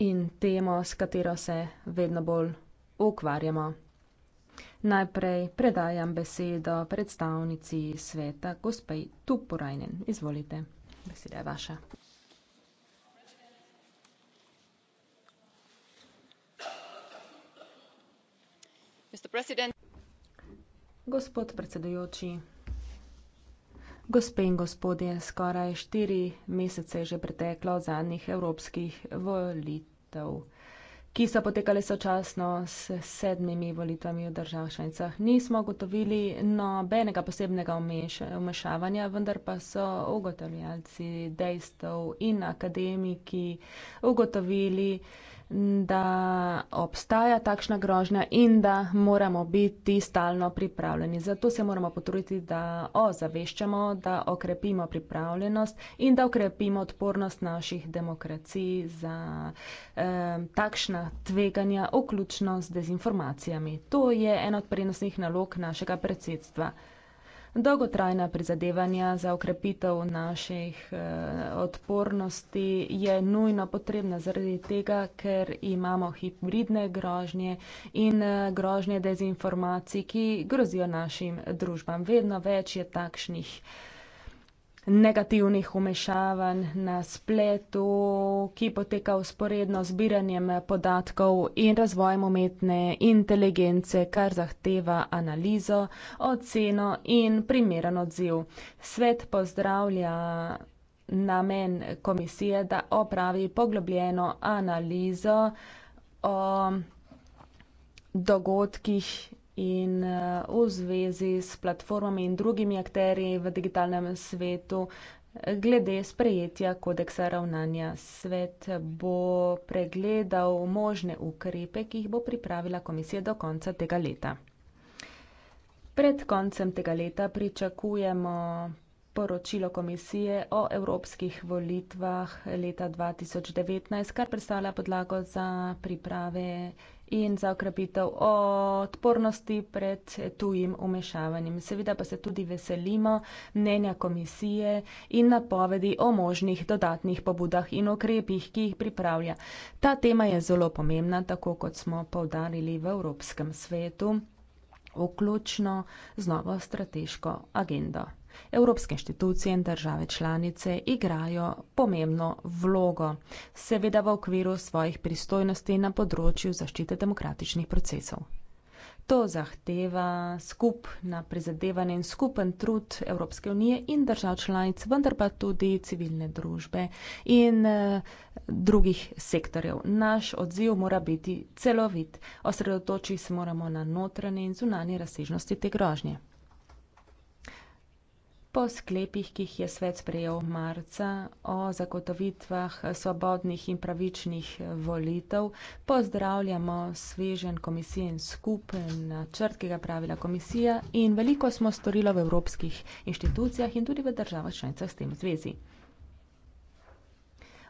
in temo, s katero se vedno bolj ukvarjamo. Najprej predajam besedo predstavnici sveta, gospej Tupurajnen. Izvolite, beseda je vaša. Gospod predsedujoči, gospe in gospodje, skoraj štiri mesece je že preteklo od zadnjih evropskih volitev volitev, ki so potekale sočasno s sedmimi volitvami v državah članicah. Nismo ugotovili nobenega posebnega vmešavanja, vendar pa so ugotovljalci dejstev in akademiki ugotovili, da obstaja takšna grožnja in da moramo biti stalno pripravljeni. Zato se moramo potruditi, da ozaveščamo, da okrepimo pripravljenost in da okrepimo odpornost naših demokracij za eh, takšna tveganja, vključno z dezinformacijami. To je ena od prenosnih nalog našega predsedstva. Dolgotrajna prizadevanja za okrepitev naših eh, odpornosti je nujno potrebna zaradi tega, ker imamo hibridne grožnje in eh, grožnje dezinformacij, ki grozijo našim družbam. Vedno več je takšnih negativnih umešavanj na spletu, ki poteka usporedno zbiranjem podatkov in razvojem umetne inteligence, kar zahteva analizo, oceno in primeren odziv. Svet pozdravlja namen komisije, da opravi poglobljeno analizo o dogodkih in eh, v zvezi s platformami in drugimi akteri v digitalnem svetu eh, glede sprejetja kodeksa ravnanja. Svet bo pregledal možne ukrepe, ki jih bo pripravila komisija do konca tega leta. Pred koncem tega leta pričakujemo poročilo komisije o evropskih volitvah leta 2019, kar predstavlja podlago za priprave in za okrepitev odpornosti pred tujim umešavanjem. Seveda pa se tudi veselimo mnenja komisije in napovedi o možnih dodatnih pobudah in okrepih, ki jih pripravlja. Ta tema je zelo pomembna, tako kot smo povdarili v Evropskem svetu, vključno z novo strateško agendo. Evropske inštitucije in države članice igrajo pomembno vlogo, seveda v okviru svojih pristojnosti na področju zaščite demokratičnih procesov. To zahteva skupna prizadevanja in skupen trud Evropske unije in držav članic, vendar pa tudi civilne družbe in eh, drugih sektorjev. Naš odziv mora biti celovit. Osredotočiti se moramo na notranje in zunanje razsežnosti te grožnje. Po sklepih, ki jih je svet sprejel marca o zagotovitvah svobodnih in pravičnih volitev, pozdravljamo svežen komisij in skupen načrt, ki ga pravila komisija in veliko smo storilo v evropskih inštitucijah in tudi v državah članicah s tem zvezi.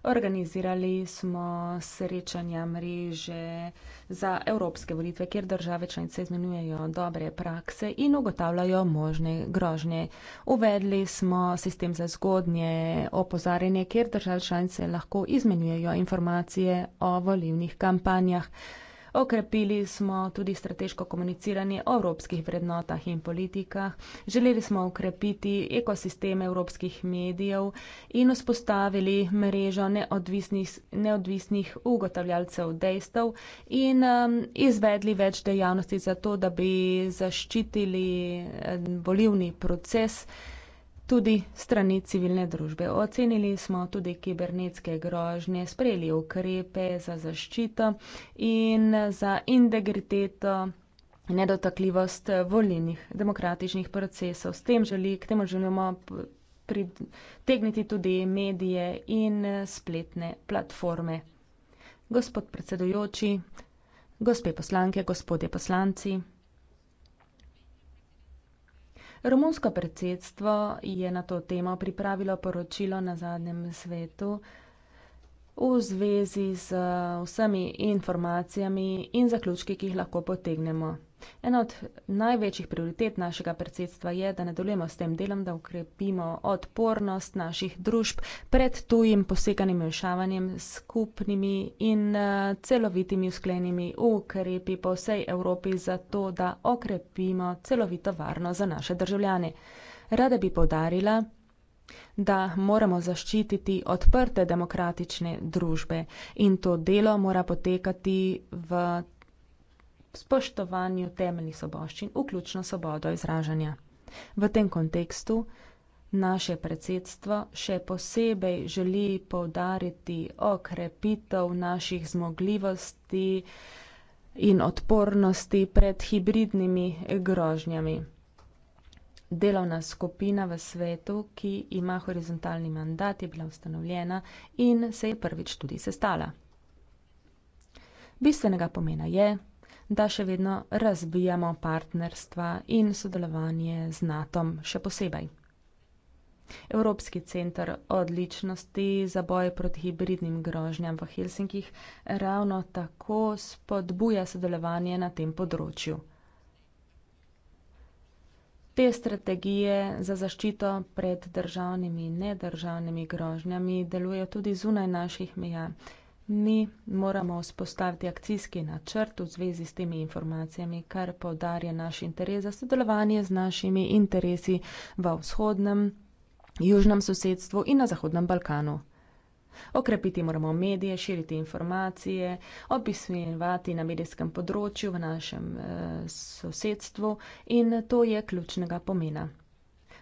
Organizirali smo srečanja mreže za evropske volitve, kjer države članice izmenjujejo dobre prakse in ugotavljajo možne grožnje. Uvedli smo sistem za zgodnje opozarjanje, kjer države članice lahko izmenjujejo informacije o volivnih kampanjah. Okrepili smo tudi strateško komuniciranje o evropskih vrednotah in politikah. Želeli smo okrepiti ekosistem evropskih medijev in vzpostavili mrežo neodvisnih, neodvisnih ugotavljalcev dejstev in um, izvedli več dejavnosti za to, da bi zaščitili eh, volivni proces tudi strani civilne družbe. Ocenili smo tudi kibernetske grožnje, sprejeli ukrepe za zaščito in za integriteto. Nedotakljivost volilnih demokratičnih procesov. S tem želi, k temu želimo pritegniti tudi medije in spletne platforme. Gospod predsedujoči, gospe poslanke, gospodje poslanci. Romunsko predsedstvo je na to temo pripravilo poročilo na zadnjem svetu v zvezi z vsemi informacijami in zaključki, ki jih lahko potegnemo. Ena od največjih prioritet našega predsedstva je, da nadaljujemo s tem delom, da ukrepimo odpornost naših družb pred tujim poseganjem in vmešavanjem skupnimi in eh, celovitimi usklenimi ukrepi po vsej Evropi za to, da okrepimo celovito varnost za naše državljane. Rada bi podarila, da moramo zaščititi odprte demokratične družbe in to delo mora potekati v spoštovanju temeljnih soboščin, vključno svobodo izražanja. V tem kontekstu naše predsedstvo še posebej želi povdariti okrepitev naših zmogljivosti in odpornosti pred hibridnimi grožnjami. Delovna skupina v svetu, ki ima horizontalni mandat, je bila ustanovljena in se je prvič tudi sestala. Bistvenega pomena je, da še vedno razbijamo partnerstva in sodelovanje z NATO še posebej. Evropski centr odličnosti za boj proti hibridnim grožnjam v Helsinkih ravno tako spodbuja sodelovanje na tem področju. Te strategije za zaščito pred državnimi in nedržavnimi grožnjami delujejo tudi zunaj naših meja mi moramo vzpostaviti akcijski načrt v zvezi s temi informacijami, kar povdarja naš interes za sodelovanje z našimi interesi v vzhodnem, južnem sosedstvu in na Zahodnem Balkanu. Okrepiti moramo medije, širiti informacije, opisujevati na medijskem področju v našem e, sosedstvu in to je ključnega pomena.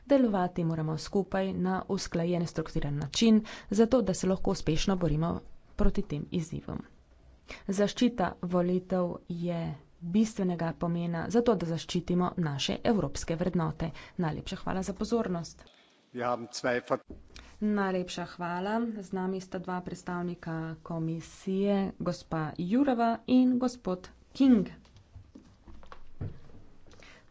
Delovati moramo skupaj na usklajen, strukturiran način, zato da se lahko uspešno borimo proti tem izzivom. Zaščita volitev je bistvenega pomena za to, da zaščitimo naše evropske vrednote. Najlepša hvala za pozornost. Najlepša hvala. Z nami sta dva predstavnika komisije, gospa Jurova in gospod King.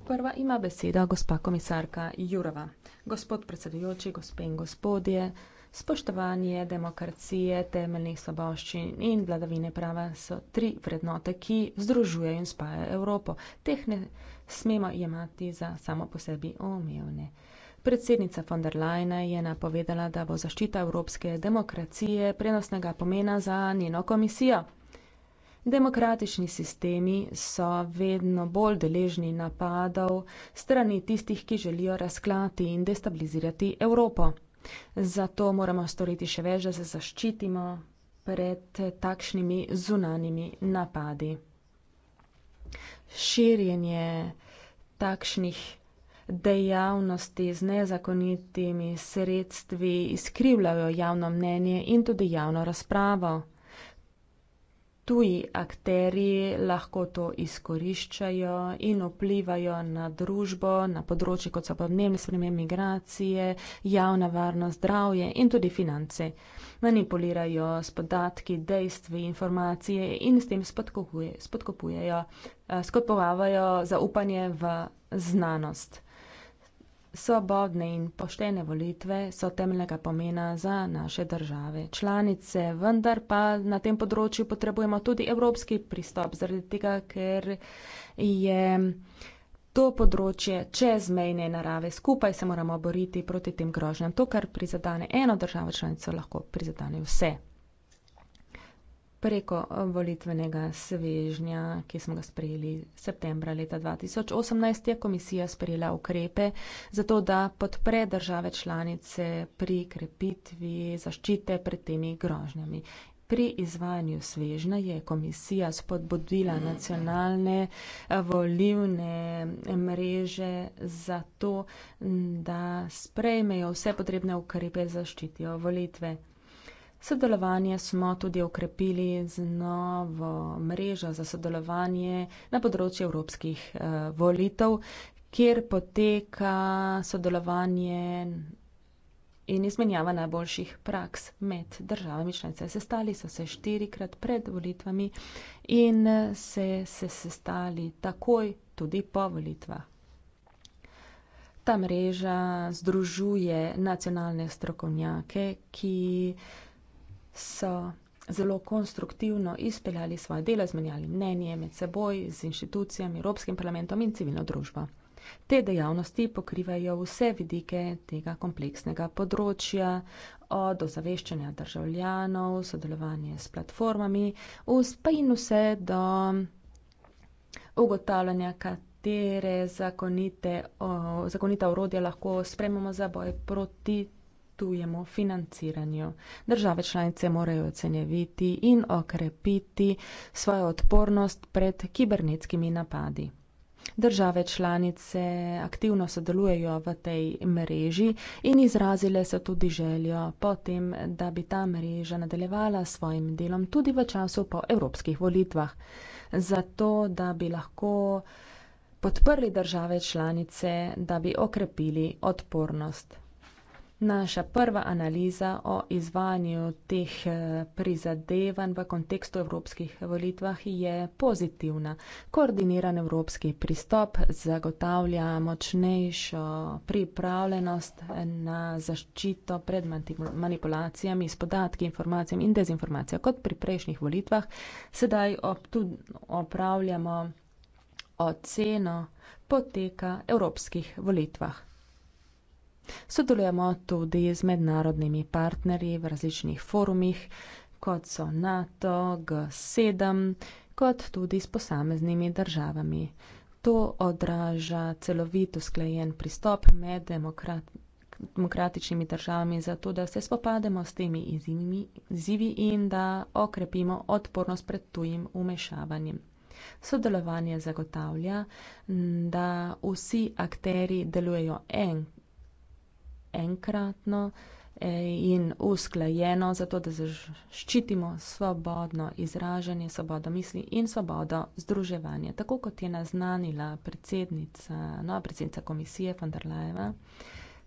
Prva ima beseda gospa komisarka Jurova. Gospod predsedujoči, gospe in gospodje. Spoštovanje demokracije, temeljnih svoboščin in vladavine prava so tri vrednote, ki združujejo in spajajo Evropo. Teh ne smemo jemati za samo po sebi omejene. Predsednica von der Leyen je napovedala, da bo zaščita evropske demokracije prenosnega pomena za njeno komisijo. Demokratični sistemi so vedno bolj deležni napadov strani tistih, ki želijo razklati in destabilizirati Evropo. Zato moramo storiti še več, da se zaščitimo pred takšnimi zunanimi napadi. Širjenje takšnih dejavnosti z nezakonitimi sredstvi izkrivljajo javno mnenje in tudi javno razpravo tuji akteri lahko to izkoriščajo in vplivajo na družbo, na področje, kot so podnebne spremembe, migracije, javna varnost, zdravje in tudi finance. Manipulirajo s podatki, dejstvi, informacije in s tem spodkopujejo, eh, spodkopujejo zaupanje v znanost. Svobodne in poštene volitve so temeljnega pomena za naše države članice, vendar pa na tem področju potrebujemo tudi evropski pristop, zaradi tega, ker je to področje čezmejne narave. Skupaj se moramo boriti proti tem grožnjam. To, kar prizadane eno državo članico, lahko prizadane vse preko eh, volitvenega svežnja, ki smo ga sprejeli septembra leta 2018, je komisija sprejela ukrepe za to, da podpre države članice pri krepitvi zaščite pred temi grožnjami. Pri izvajanju svežna je komisija spodbudila nacionalne eh, volivne eh, mreže za to, da sprejmejo vse potrebne ukrepe za zaščitijo volitve. Sodelovanje smo tudi okrepili z novo mrežo za sodelovanje na področju evropskih eh, volitev, kjer poteka sodelovanje in izmenjava najboljših praks med državami članice. Sestali so se štirikrat pred volitvami in eh, se, se sestali takoj tudi po volitvah. Ta mreža združuje nacionalne strokovnjake, ki eh, so zelo konstruktivno izpeljali svoje delo, zmenjali mnenje med seboj, z inštitucijami, Evropskim parlamentom in civilno družbo. Te dejavnosti pokrivajo vse vidike tega kompleksnega področja, od ozaveščanja državljanov, sodelovanje s platformami, pa in vse do ugotavljanja, katere zakonite, o, zakonita urodja lahko sprememo za boj proti nasprotujemo financiranju. Države članice morajo ocenjeviti in okrepiti svojo odpornost pred kibernetskimi napadi. Države članice aktivno sodelujejo v tej mreži in izrazile so tudi željo potem, da bi ta mreža nadaljevala svojim delom tudi v času po evropskih volitvah, zato da bi lahko podprli države članice, da bi okrepili odpornost. Naša prva analiza o izvajanju teh eh, prizadevanj v kontekstu evropskih volitvah je pozitivna. Koordiniran evropski pristop zagotavlja močnejšo pripravljenost na zaščito pred manipulacijami s podatki, informacijami in dezinformacijami. Kot pri prejšnjih volitvah, sedaj opravljamo oceno poteka evropskih volitvah. Sodelujemo tudi z mednarodnimi partnerji v različnih forumih, kot so NATO, G7, kot tudi s posameznimi državami. To odraža celovit usklajen pristop med demokrat, demokratičnimi državami, zato da se spopademo s temi izzivi in da okrepimo odpornost pred tujim umešavanjem. Sodelovanje zagotavlja, da vsi akteri delujejo enk enkratno e, in usklajeno, zato da zaščitimo svobodno izražanje, svobodo misli in svobodo združevanja. Tako kot je naznanila predsednica, no, predsednica komisije von der Leyen,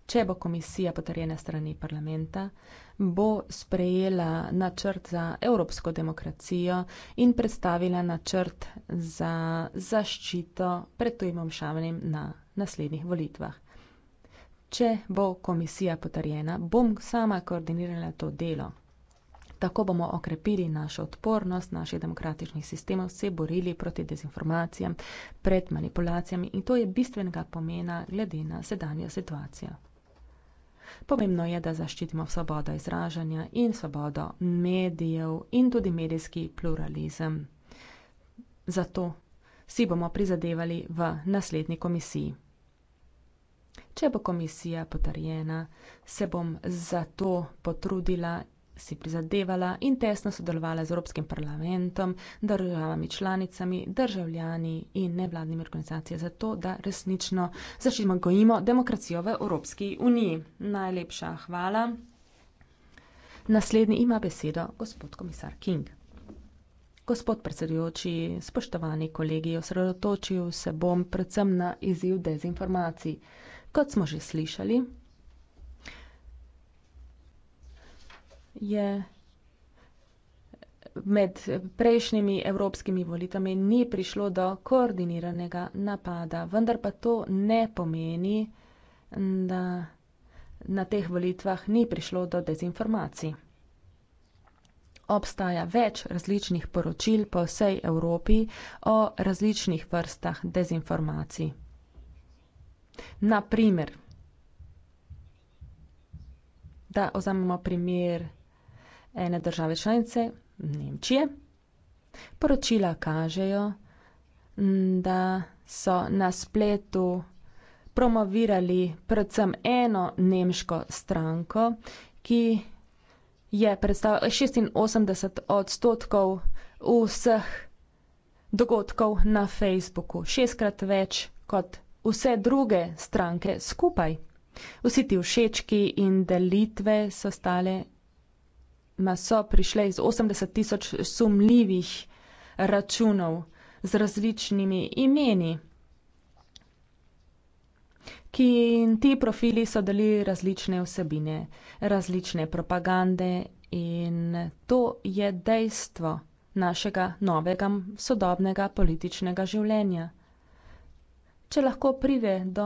če bo komisija potrjena strani parlamenta, bo sprejela načrt za evropsko demokracijo in predstavila načrt za zaščito pred tujim omšavanjem na naslednjih volitvah če bo komisija potrjena, bom sama koordinirala to delo. Tako bomo okrepili našo odpornost naših demokratičnih sistemov, se borili proti dezinformacijam, pred manipulacijami in to je bistvenega pomena glede na sedanjo situacijo. Pomembno je, da zaščitimo svobodo izražanja in svobodo medijev in tudi medijski pluralizem. Zato si bomo prizadevali v naslednji komisiji. Če bo komisija potrjena, se bom zato potrudila, si prizadevala in tesno sodelovala z Evropskim parlamentom, državami članicami, državljani in nevladnimi organizacijami, zato da resnično zaščitimo in gojimo demokracijo v Evropski uniji. Najlepša hvala. Naslednji ima besedo gospod komisar King. Gospod predsedujoči, spoštovani kolegi, osredotočil se bom predvsem na izziv dezinformacij. Kot smo že slišali, je med prejšnjimi evropskimi volitami ni prišlo do koordiniranega napada, vendar pa to ne pomeni, da na teh volitvah ni prišlo do dezinformacij. Obstaja več različnih poročil po vsej Evropi o različnih vrstah dezinformacij. Naprimer, da vzamemo primer ene države članice, Nemčije. Poročila kažejo, da so na spletu promovirali predvsem eno nemško stranko, ki je predstavljala 86 odstotkov vseh dogodkov na Facebooku. Šestkrat več kot vse druge stranke skupaj. Vsi ti všečki in delitve so stale, ma so prišle iz 80 tisoč sumljivih računov z različnimi imeni. Ki in ti profili so delili različne vsebine, različne propagande in to je dejstvo našega novega sodobnega političnega življenja če lahko pride do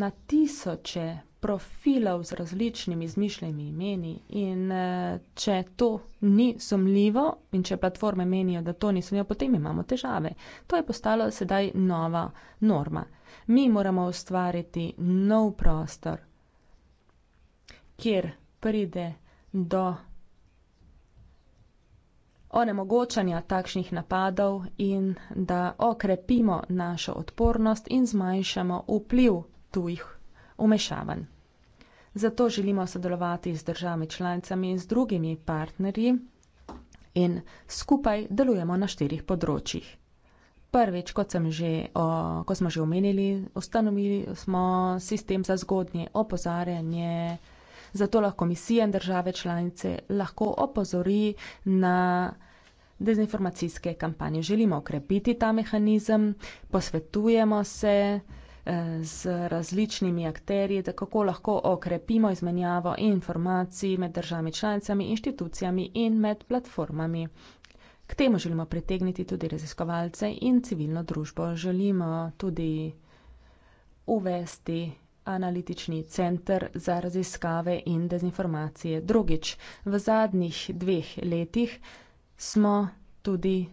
na tisoče profilov z različnimi izmišljenimi imeni in eh, če to ni sumljivo in če platforme menijo, da to ni sumljivo, potem imamo težave. To je postalo sedaj nova norma. Mi moramo ustvariti nov prostor, kjer pride do onemogočanja takšnih napadov in da okrepimo našo odpornost in zmanjšamo vpliv tujih umešavanj. Zato želimo sodelovati z državami članicami in z drugimi partnerji in skupaj delujemo na štirih področjih. Prvič, kot sem že, o, ko smo že omenili, ustanovili smo sistem za zgodnje opozarjanje, zato lahko misije in države članice lahko opozori na dezinformacijske kampanje. Želimo okrepiti ta mehanizem, posvetujemo se eh, z različnimi akterji, da kako lahko okrepimo izmenjavo informacij med državami članicami, inštitucijami in med platformami. K temu želimo pritegniti tudi raziskovalce in civilno družbo. Želimo tudi uvesti analitični centr za raziskave in dezinformacije. Drugič, v zadnjih dveh letih smo tudi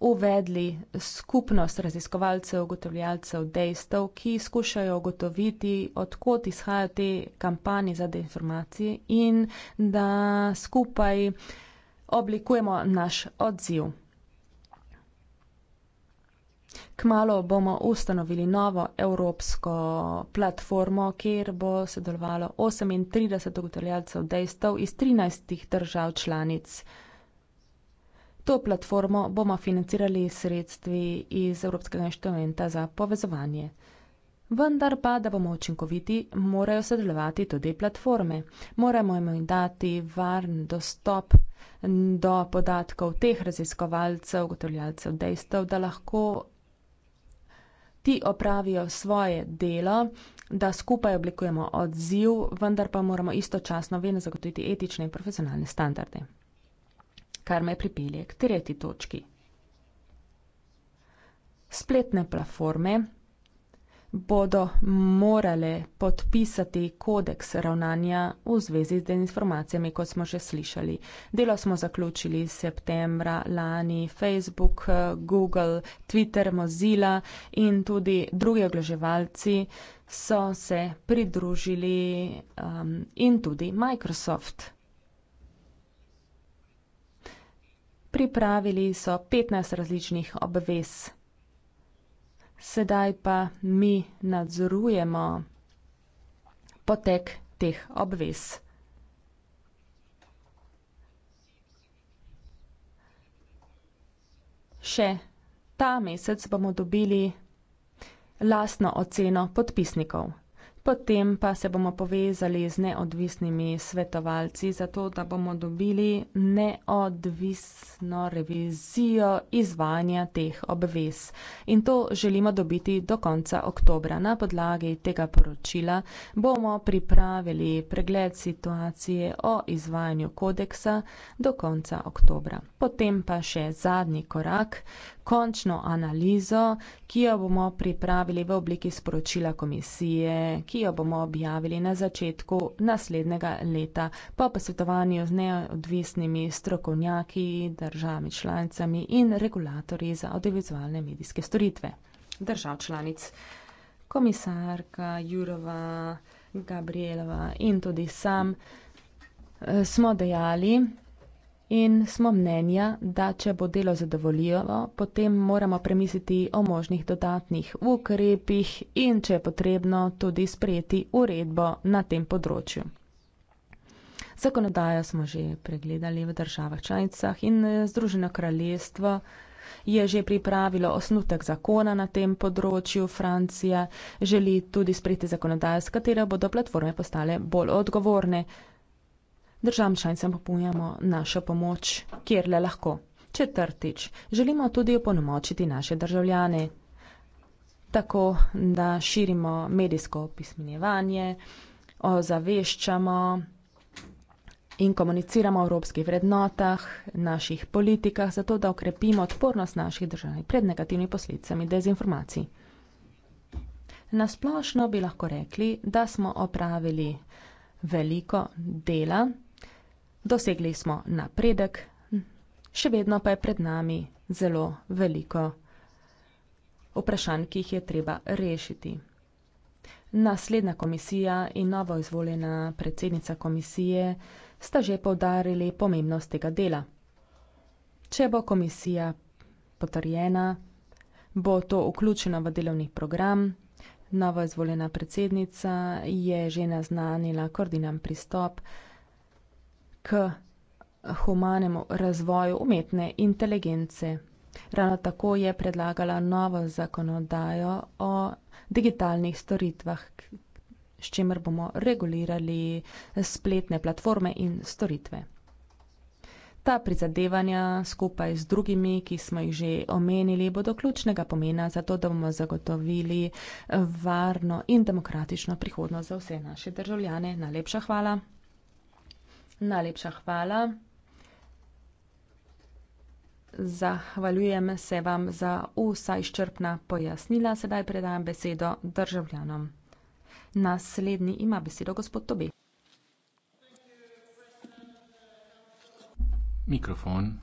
uvedli skupnost raziskovalcev, ugotovljalcev dejstev, ki skušajo ugotoviti, odkot izhajajo te kampanje za deinformacije in da skupaj oblikujemo naš odziv. Kmalo bomo ustanovili novo evropsko platformo, kjer bo sodelovalo 38 ugotovljalcev dejstev iz 13 držav članic. To platformo bomo financirali sredstvi iz Evropskega inštrumenta za povezovanje. Vendar pa, da bomo učinkoviti, morajo sodelovati tudi platforme. Moramo jim dati varen dostop do podatkov teh raziskovalcev, ugotovljalcev dejstev, da lahko ti opravijo svoje delo, da skupaj oblikujemo odziv, vendar pa moramo istočasno vedno zagotoviti etične in profesionalne standarde kar me pripelje k tretji točki. Spletne platforme bodo morale podpisati kodeks ravnanja v zvezi z denizformacijami, kot smo že slišali. Delo smo zaključili septembra lani Facebook, Google, Twitter, Mozilla in tudi drugi oglaževalci so se pridružili um, in tudi Microsoft. pripravili so 15 različnih obvez. Sedaj pa mi nadzorujemo potek teh obvez. Še ta mesec bomo dobili lastno oceno podpisnikov. Potem pa se bomo povezali z neodvisnimi svetovalci, zato da bomo dobili neodvisno revizijo izvanja teh obvez. In to želimo dobiti do konca oktobra. Na podlagi tega poročila bomo pripravili pregled situacije o izvajanju kodeksa do konca oktobra. Potem pa še zadnji korak, končno analizo, ki jo bomo pripravili v obliki sporočila komisije, ki jo bomo objavili na začetku naslednjega leta po posvetovanju z neodvisnimi strokovnjaki, državi članicami in regulatorji za audiovizualne medijske storitve. Držav članic, komisarka Jurova, Gabrielova in tudi sam eh, smo dejali, In smo mnenja, da če bo delo zadovoljivo, potem moramo premisliti o možnih dodatnih ukrepih in, če je potrebno, tudi sprejeti uredbo na tem področju. Zakonodajo smo že pregledali v državah članicah in eh, Združeno kraljestvo je že pripravilo osnutek zakona na tem področju. Francija želi tudi sprejeti zakonodajo, s katero bodo platforme postale bolj odgovorne. Državam članicam popunjamo našo pomoč, kjer le lahko. Četrtič, želimo tudi oponomočiti naše državljane, tako da širimo medijsko opismenjevanje, ozaveščamo in komuniciramo o evropskih vrednotah, naših politikah, zato da okrepimo odpornost naših držav pred negativnimi posledicami dezinformacij. Nasplošno bi lahko rekli, da smo opravili veliko dela dosegli smo napredek, še vedno pa je pred nami zelo veliko vprašanj, ki jih je treba rešiti. Naslednja komisija in novo izvoljena predsednica komisije sta že povdarili pomembnost tega dela. Če bo komisija potrjena, bo to vključeno v delovni program. Novo izvoljena predsednica je že naznanila koordinam pristop k humanemu razvoju umetne inteligence. Ravno tako je predlagala novo zakonodajo o digitalnih storitvah, s čimer bomo regulirali spletne platforme in storitve. Ta prizadevanja skupaj z drugimi, ki smo jih že omenili, bodo ključnega pomena za to, da bomo zagotovili varno in demokratično prihodnost za vse naše državljane. Najlepša hvala. Najlepša hvala. Zahvaljujem se vam za vsa izčrpna pojasnila. Sedaj predajam besedo državljanom. Naslednji ima besedo gospod Tobi. Mikrofon.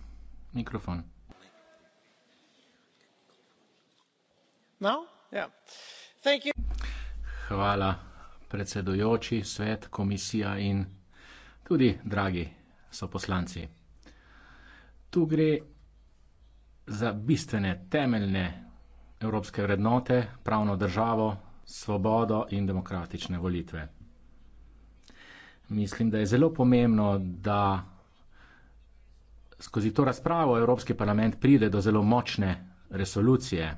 Mikrofon. No? Hvala, predsedujoči, svet, komisija in tudi dragi so poslanci. Tu gre za bistvene, temeljne evropske vrednote, pravno državo, svobodo in demokratične volitve. Mislim, da je zelo pomembno, da skozi to razpravo Evropski parlament pride do zelo močne resolucije.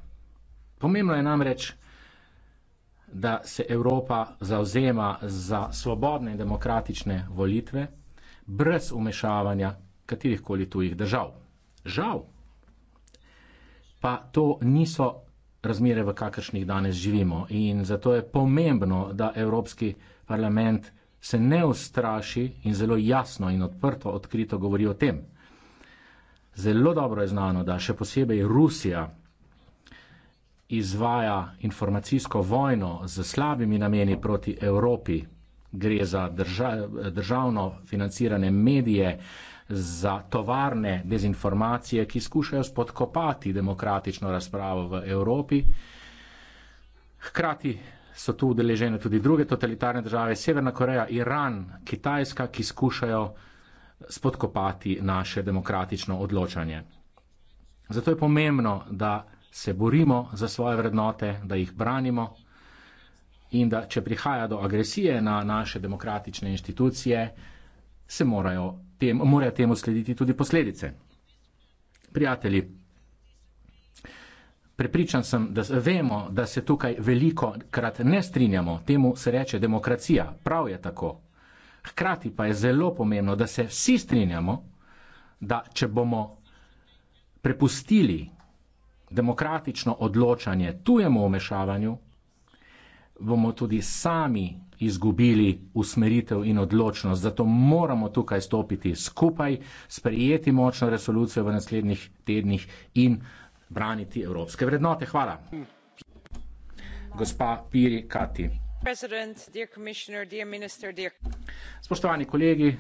Pomembno je namreč, da se Evropa zauzema za svobodne in demokratične volitve brez umešavanja katerih koli tujih držav. Žal, pa to niso razmere, v kakršnih danes živimo in zato je pomembno, da Evropski parlament se ne ustraši in zelo jasno in odprto, odkrito govori o tem. Zelo dobro je znano, da še posebej Rusija izvaja informacijsko vojno z slabimi nameni proti Evropi, gre za drža, državno financirane medije, za tovarne dezinformacije, ki skušajo spodkopati demokratično razpravo v Evropi. Hkrati so tu udeležene tudi druge totalitarne države, Severna Koreja, Iran, Kitajska, ki skušajo spodkopati naše demokratično odločanje. Zato je pomembno, da se borimo za svoje vrednote, da jih branimo in da če prihaja do agresije na naše demokratične inštitucije, se morajo tem, morajo temu slediti tudi posledice. Prijatelji, prepričan sem, da vemo, da se tukaj veliko krat ne strinjamo, temu se reče demokracija, prav je tako. Hkrati pa je zelo pomembno, da se vsi strinjamo, da če bomo prepustili demokratično odločanje tujemu omešavanju, bomo tudi sami izgubili usmeritev in odločnost. Zato moramo tukaj stopiti skupaj, sprejeti močno resolucijo v naslednjih tednih in braniti evropske vrednote. Hvala. Gospa Piri Kati. Spoštovani kolegi,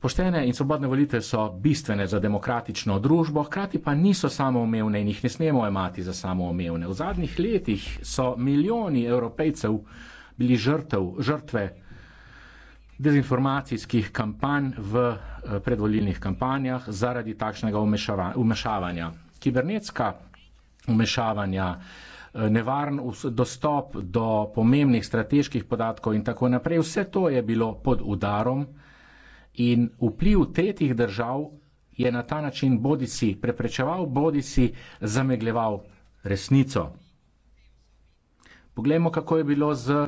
Poštene in svobodne volitve so bistvene za demokratično družbo, hkrati pa niso samoumevne in jih ne smemo imati za samoumevne. V zadnjih letih so milijoni evropejcev bili žrtev, žrtve dezinformacijskih kampanj v eh, predvolilnih kampanjah zaradi takšnega umešavanja. Kibernetska umešavanja, eh, nevaren dostop do pomembnih strateških podatkov in tako naprej, vse to je bilo pod udarom In vpliv tretjih držav je na ta način bodisi preprečeval, bodisi zamegljeval resnico. Poglejmo, kako je bilo z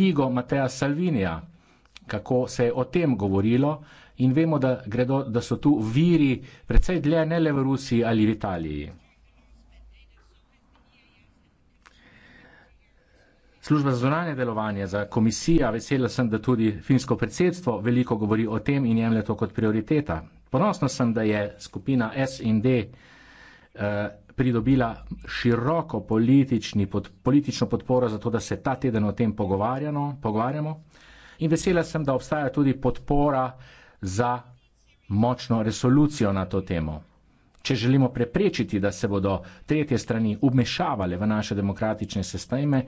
ligo Mateja Salvinija, kako se je o tem govorilo in vemo, da, gredo, da so tu viri predvsej dlje ne le v Rusiji ali v Italiji. Služba za zunanje delovanje, za komisija, vesela sem, da tudi finsko predsedstvo veliko govori o tem in jemlje to kot prioriteta. Ponosno sem, da je skupina SND eh, pridobila široko politični, pod, politično podporo za to, da se ta teden o tem pogovarjamo. In vesela sem, da obstaja tudi podpora za močno resolucijo na to temo. Če želimo preprečiti, da se bodo tretje strani umešavale v naše demokratične sisteme,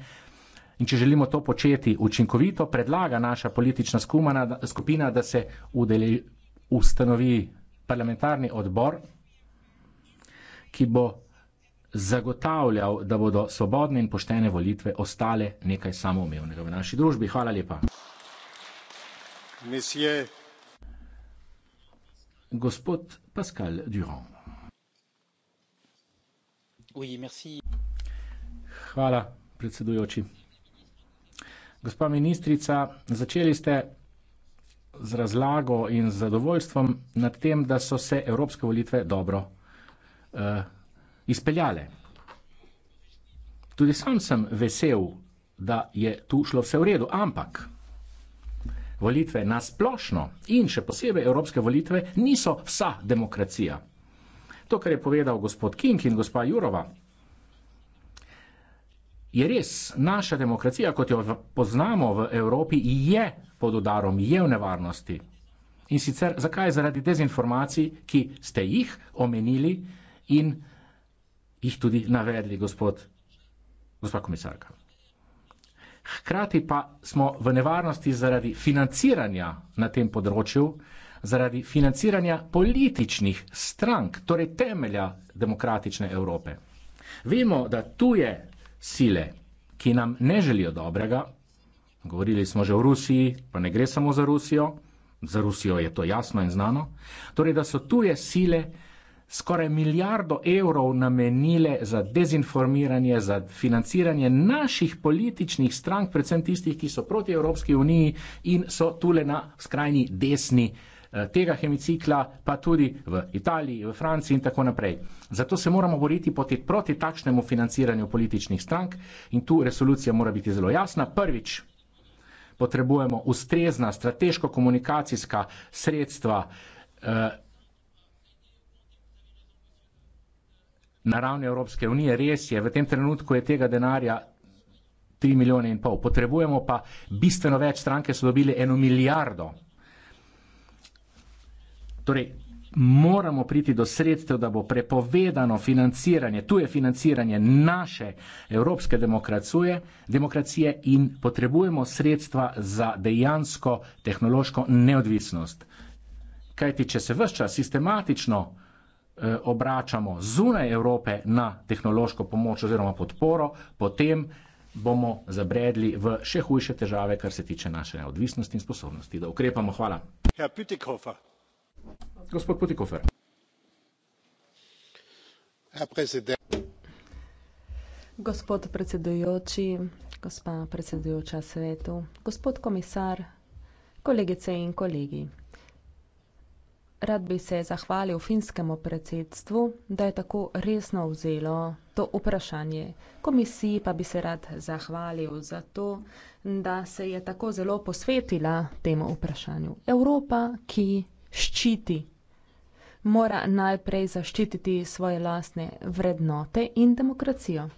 In če želimo to početi učinkovito, predlaga naša politična skumana, skupina, da se udeli, ustanovi parlamentarni odbor, ki bo zagotavljal, da bodo svobodne in poštene volitve ostale nekaj samoumevnega v naši družbi. Hvala lepa. Monsieur. Gospod Pascal Durand. Oui, merci. Hvala, predsedujoči. Gospa ministrica, začeli ste z razlago in z zadovoljstvom nad tem, da so se evropske volitve dobro uh, izpeljale. Tudi sam sem vesel, da je tu šlo vse v redu, ampak volitve na splošno in še posebej evropske volitve niso vsa demokracija. To, kar je povedal gospod King in gospa Jurova, je res, naša demokracija, kot jo poznamo v Evropi, je pod udarom, je v nevarnosti. In sicer zakaj? Zaradi dezinformacij, ki ste jih omenili in jih tudi navedli, gospod, gospod komisarka. Hkrati pa smo v nevarnosti zaradi financiranja na tem področju, zaradi financiranja političnih strank, torej temelja demokratične Evrope. Vemo, da tuje sile, ki nam ne želijo dobrega. Govorili smo že o Rusiji, pa ne gre samo za Rusijo, za Rusijo je to jasno in znano. Torej, da so tuje sile skoraj milijardo evrov namenile za dezinformiranje, za financiranje naših političnih strank, predvsem tistih, ki so proti Evropski uniji in so tule na skrajni desni uh, Eh, tega hemicikla, pa tudi v Italiji, v Franciji in tako naprej. Zato se moramo boriti poti, proti takšnemu financiranju političnih strank in tu resolucija mora biti zelo jasna. Prvič, potrebujemo ustrezna strateško-komunikacijska sredstva eh, na ravni Evropske unije. Res je, v tem trenutku je tega denarja 3 milijone in pol. Potrebujemo pa bistveno več. Stranke so dobile eno milijardo. Torej, moramo priti do sredstev, da bo prepovedano financiranje, tuje financiranje naše evropske demokracije, demokracije in potrebujemo sredstva za dejansko tehnološko neodvisnost. Kajti, če se vse čas sistematično eh, obračamo zunaj Evrope na tehnološko pomoč oziroma podporo, potem bomo zabredli v še hujše težave, kar se tiče naše neodvisnosti in sposobnosti, da ukrepamo. Hvala gospod Putikofer. Ja, predsedujoči. Gospod predsedujoči, gospa predsedujoča svetu, gospod komisar, kolegice in kolegi. Rad bi se zahvalil finskemu predsedstvu, da je tako resno vzelo to vprašanje. Komisiji pa bi se rad zahvalil za to, da se je tako zelo posvetila temu vprašanju. Evropa, ki ščiti. Mora najprej zaščititi svoje lastne vrednote in demokracijo.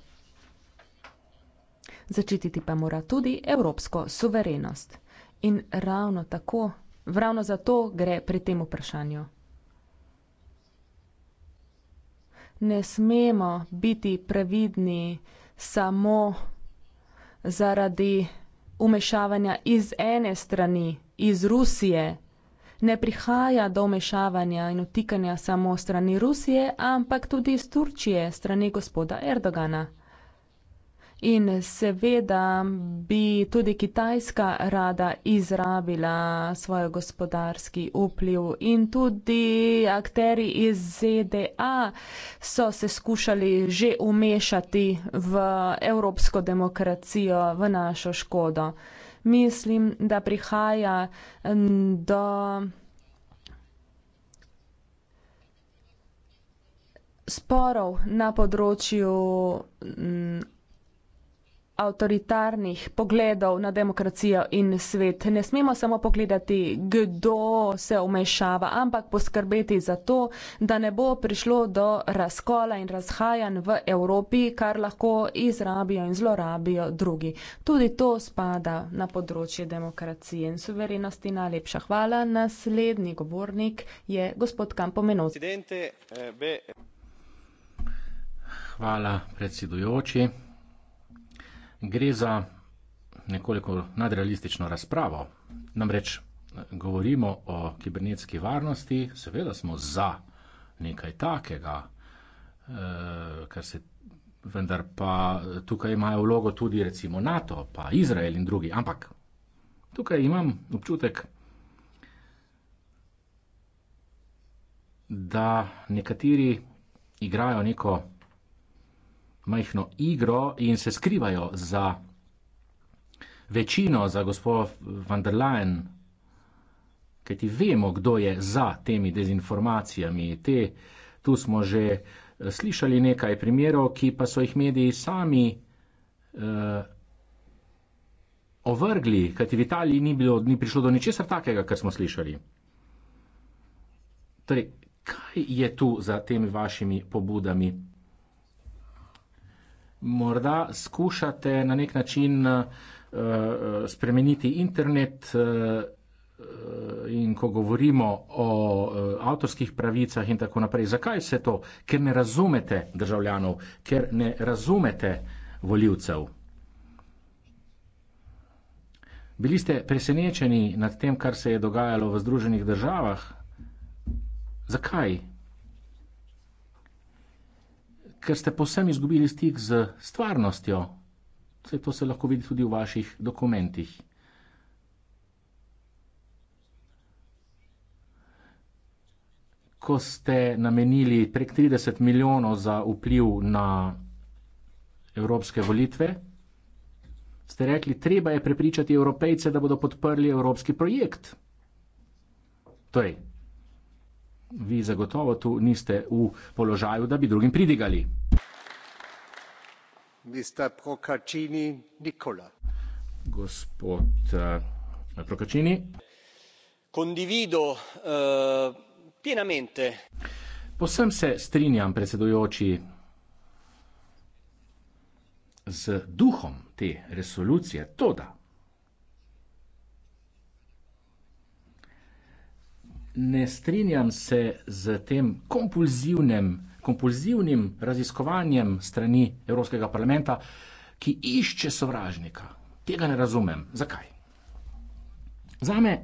Začititi pa mora tudi evropsko suverenost. In ravno tako, ravno zato gre pri tem vprašanju. Ne smemo biti previdni samo zaradi umešavanja iz ene strani, iz Rusije ne prihaja do mešavanja in otikanja samo strani Rusije, ampak tudi iz Turčije, strani gospoda Erdogana. In seveda bi tudi Kitajska rada izrabila svoj gospodarski vpliv. In tudi akteri iz ZDA so se skušali že umešati v evropsko demokracijo v našo škodo mislim, da prihaja do sporov na področju avtoritarnih pogledov na demokracijo in svet. Ne smemo samo pogledati, kdo se umešava, ampak poskrbeti za to, da ne bo prišlo do razkola in razhajanj v Evropi, kar lahko izrabijo in zlorabijo drugi. Tudi to spada na področje demokracije in suverenosti. Najlepša hvala. Naslednji govornik je gospod Kampomenovci. Eh, hvala, predsedujoči gre za nekoliko nadrealistično razpravo. Namreč eh, govorimo o kibernetski varnosti, seveda smo za nekaj takega, eh, kar se vendar pa eh, tukaj imajo vlogo tudi recimo NATO, pa Izrael in drugi. Ampak tukaj imam občutek, da nekateri igrajo neko majhno igro in se skrivajo za večino, za gospod van der Leyen, ker ti vemo, kdo je za temi dezinformacijami. Te, tu smo že eh, slišali nekaj primerov, ki pa so jih mediji sami uh, ovrgli, ker ti v Italiji ni, bilo, ni prišlo do ničesar takega, kar smo slišali. Torej, kaj je tu za temi vašimi pobudami? morda skušate na nek način eh, eh, spremeniti internet eh, in ko govorimo o avtorskih pravicah in tako naprej. Zakaj se to? Ker ne razumete državljanov, ker ne razumete voljivcev. Bili ste presenečeni nad tem, kar se je dogajalo v Združenih državah? Zakaj ker ste posebej izgubili stik z stvarnostjo. Vse to se lahko vidi tudi v vaših dokumentih. Ko ste namenili prek 30 milijonov za vpliv na evropske volitve, ste rekli, treba je prepričati evropejce, da bodo podprli evropski projekt. Torej, vi zagotovo tu niste v položaju, da bi drugim pridigali. Gospod, eh, Procaccini. Eh, Povsem se strinjam, predsedujoči, z duhom te resolucije, toda ne strinjam se z tem kompulzivnem, kompulzivnim raziskovanjem strani Evropskega parlamenta, ki išče sovražnika. Tega ne razumem. Zakaj? Za me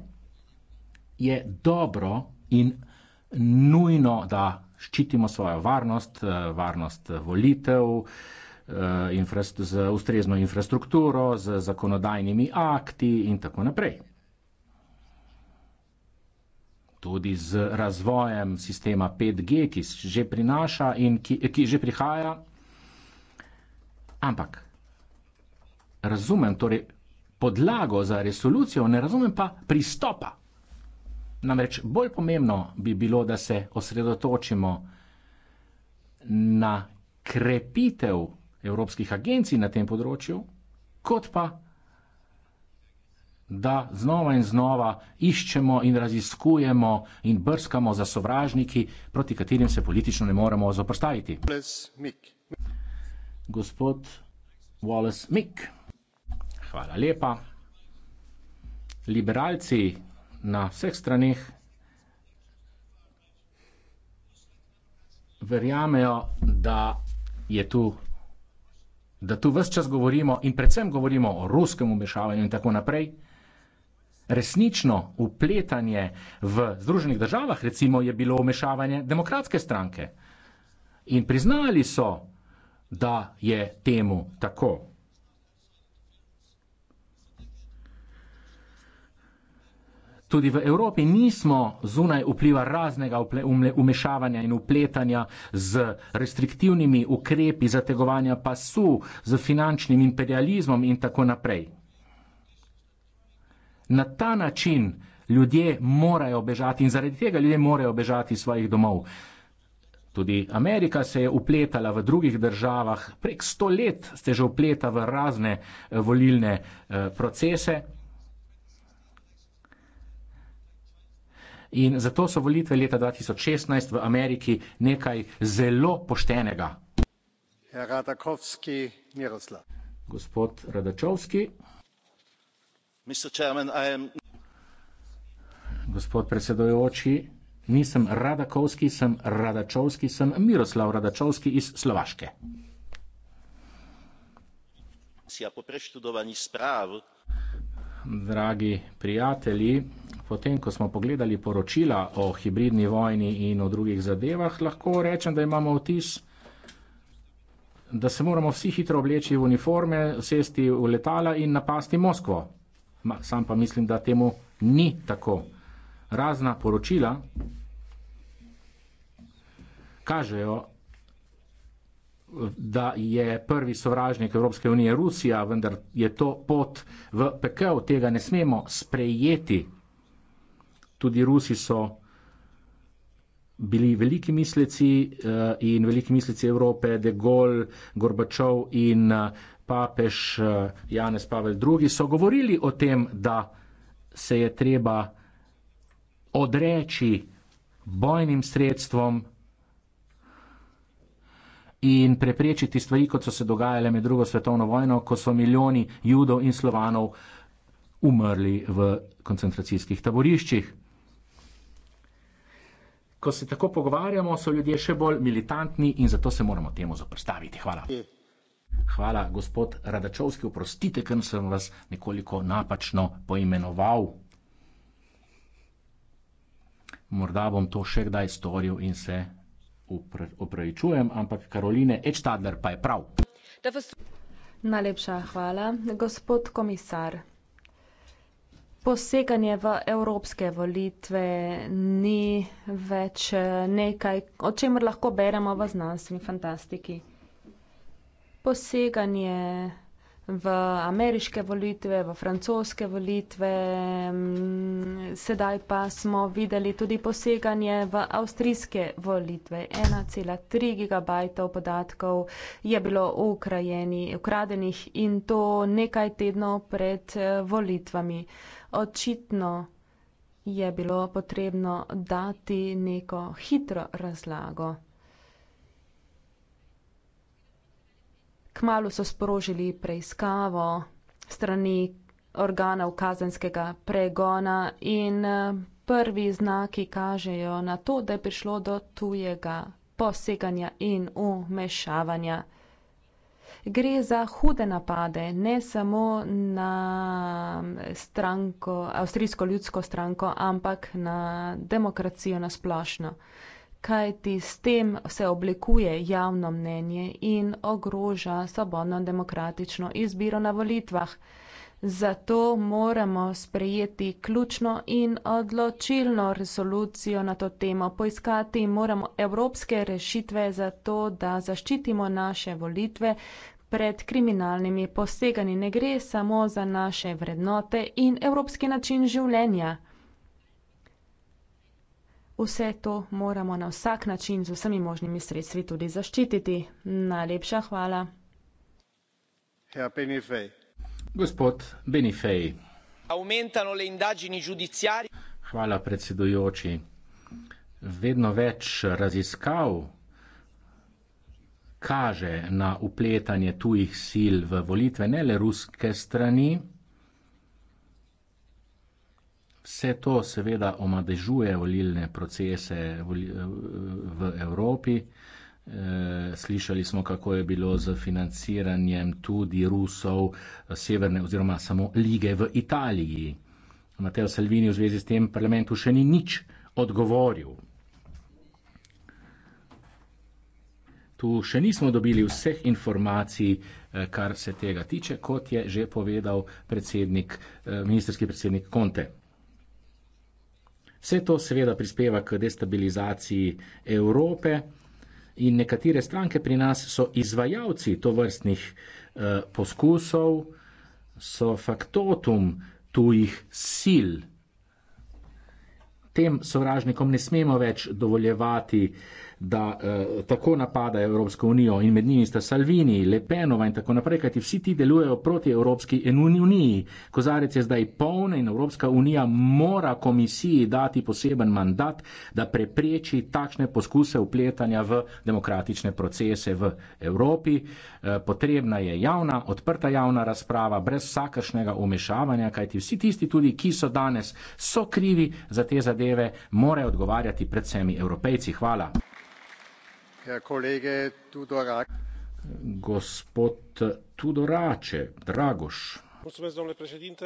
je dobro in nujno, da ščitimo svojo varnost, eh, varnost volitev. Eh, z ustrezno infrastrukturo, z zakonodajnimi akti, in tako naprej. Tudi z razvojem sistema 5G, ki že prinaša in ki, ki že prihaja. Ampak razumem torej podlago za resolucijo, ne razumem pa pristopa. Namreč bolj pomembno bi bilo, da se osredotočimo na krepitev evropskih agencij na tem področju, kot pa da znova in znova iščemo in raziskujemo in brskamo za sovražniki, proti katerim se politično ne moremo zoprstaviti. Gospod Wallace Mick, hvala lepa. Liberalci na vseh straneh verjamejo, da je tu da tu vse čas govorimo in predvsem govorimo o ruskem umešavanju in tako naprej, resnično upletanje v Združenih državah, recimo, je bilo umešavanje demokratske stranke. In priznali so, da je temu tako. Tudi v Evropi nismo zunaj vpliva raznega umešavanja in upletanja z restriktivnimi ukrepi zategovanja pasu, z finančnim imperializmom in tako naprej. Na ta način ljudje morajo bežati in zaradi tega ljudje morajo bežati iz svojih domov. Tudi Amerika se je upletala v drugih državah, prek sto let ste že upleta v razne eh, volilne eh, procese. In zato so volitve leta 2016 v Ameriki nekaj zelo poštenega. Herr Radakovski, Miroslav. Gospod Radačovski. Gospod predsedujoči, nisem Radakovski, sem Radačovski, sem Miroslav Radačovski iz Slovaške. Ja, Dragi prijatelji, potem ko smo pogledali poročila o hibridni vojni in o drugih zadevah, lahko rečem, da imamo vtis, da se moramo vsi hitro obleči v uniforme, sesti v letala in napasti Moskvo sam pa mislim, da temu ni tako. Razna poročila kažejo, da je prvi sovražnik Evropske unije Rusija, vendar je to pot v pekel, tega ne smemo sprejeti. Tudi Rusi so bili veliki misleci eh, in veliki misleci Evrope, De Gaulle, Gorbačov in eh, papež eh, Janez Pavel II, so govorili o tem, da se je treba odreči bojnim sredstvom in preprečiti stvari, kot so se dogajale med drugo svetovno vojno, ko so milijoni judov in slovanov umrli v koncentracijskih taboriščih. Ko se tako pogovarjamo, so ljudje še bolj militantni in zato se moramo temu zaprstaviti. Hvala. Je. Hvala, gospod Radačovski, oprostite, ker sem vas nekoliko napačno poimenoval. Morda bom to še kdaj storil in se opravičujem, ampak Karoline Ečtadler pa je prav. Najlepša hvala, gospod komisar. Poseganje v evropske volitve ni več nekaj, o čemer lahko beremo v znanstveni fantastiki poseganje v ameriške volitve, v francoske volitve, mm, sedaj pa smo videli tudi poseganje v avstrijske volitve. 1,3 gigabajta podatkov je bilo ukrajeni, ukradenih in to nekaj tednov pred eh, volitvami. Očitno je bilo potrebno dati neko hitro razlago. Kmalo so sprožili preiskavo strani organov kazenskega pregona in eh, prvi znaki kažejo na to, da je prišlo do tujega poseganja in umešavanja. Gre za hude napade, ne samo na mm, stranko, avstrijsko ljudsko stranko, ampak na demokracijo na splošno kajti s tem se oblikuje javno mnenje in ogroža svobodno demokratično izbiro na volitvah. Zato moramo sprejeti ključno in odločilno resolucijo na to temo, poiskati moramo evropske rešitve za to, da zaščitimo naše volitve pred kriminalnimi poseganji. Ne gre samo za naše vrednote in evropski način življenja. Vse to moramo na vsak način z vsemi možnimi sredstvi tudi zaščititi. Najlepša hvala. Gospod Benifej. Hvala, predsedujoči. Vedno več raziskav kaže na upletanje tujih sil v volitve, ne le ruske strani, Vse to seveda omadežuje volilne procese v Evropi. E, slišali smo, kako je bilo z financiranjem tudi Rusov, e, severne oziroma samo lige v Italiji. Mateo Salvini v zvezi s tem parlamentu še ni nič odgovoril. Tu še nismo dobili vseh informacij, e, kar se tega tiče, kot je že povedal predsednik, ministerski predsednik Konte. Vse to seveda prispeva k destabilizaciji Evrope in nekatere stranke pri nas so izvajalci to vrstnih eh, poskusov, so faktotum tujih sil. Tem sovražnikom ne smemo več dovoljevati da eh, tako napadajo Evropsko unijo in med njimi sta Salvini, Le Penova in tako naprej, kajti vsi ti delujejo proti Evropski uniji. Kozarec je zdaj poln in Evropska unija mora komisiji dati poseben mandat, da prepreči takšne poskuse upletanja v demokratične procese v Evropi. Eh, potrebna je javna, odprta javna razprava, brez vsakršnega umešavanja, kajti vsi tisti tudi, ki so danes, so krivi za te zadeve, morajo odgovarjati pred vsemi Evropejci. Hvala domnule președinte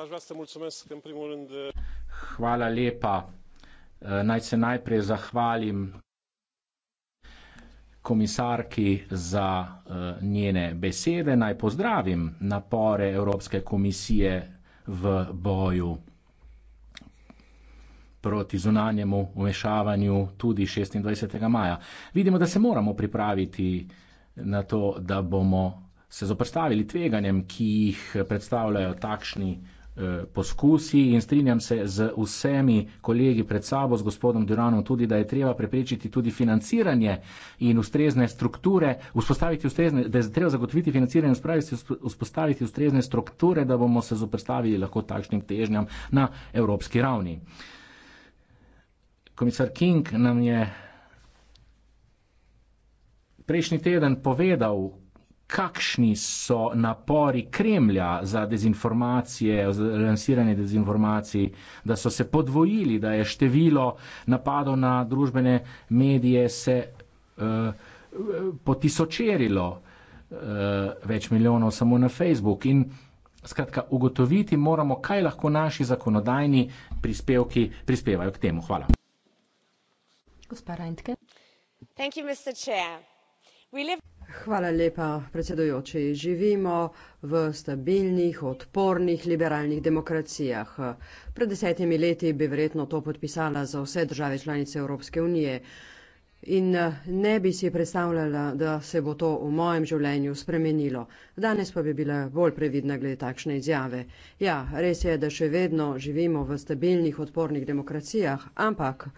aș vrea să mulțumesc în primul rând. Hvala lepa. Naj se najprej zahvalim komisarki za eh, njene besede, naj pozdravim napore Evropske komisije v boju proti proti zunanjemu vmešavanju tudi 26. maja. Vidimo, da se moramo pripraviti na to, da bomo se zoprstavili tveganjem, ki jih predstavljajo takšni eh, poskusi in strinjam se z vsemi kolegi pred sabo, s gospodom Duranom tudi, da je treba preprečiti tudi financiranje in ustrezne strukture, vzpostaviti ustrezne, da je treba zagotoviti financiranje in spraviti, vzpostaviti ustrezne strukture, da bomo se zoprstavili lahko takšnim težnjam na evropski ravni. Komisar King nam je prejšnji teden povedal, kakšni so napori Kremlja za dezinformacije, za lansiranje dezinformacij, da so se podvojili, da je število napadov na družbene medije se uh, potisočerilo uh, več milijonov samo na Facebook. In skratka, ugotoviti moramo, kaj lahko naši zakonodajni prispevki prispevajo k temu. Hvala. Hvala lepa, predsedujoči. Živimo v stabilnih, odpornih, liberalnih demokracijah. Pred desetimi leti bi verjetno to podpisala za vse države članice Evropske unije in ne bi si predstavljala, da se bo to v mojem življenju spremenilo. Danes pa bi bila bolj previdna glede takšne izjave. Ja, res je, da še vedno živimo v stabilnih, odpornih demokracijah, ampak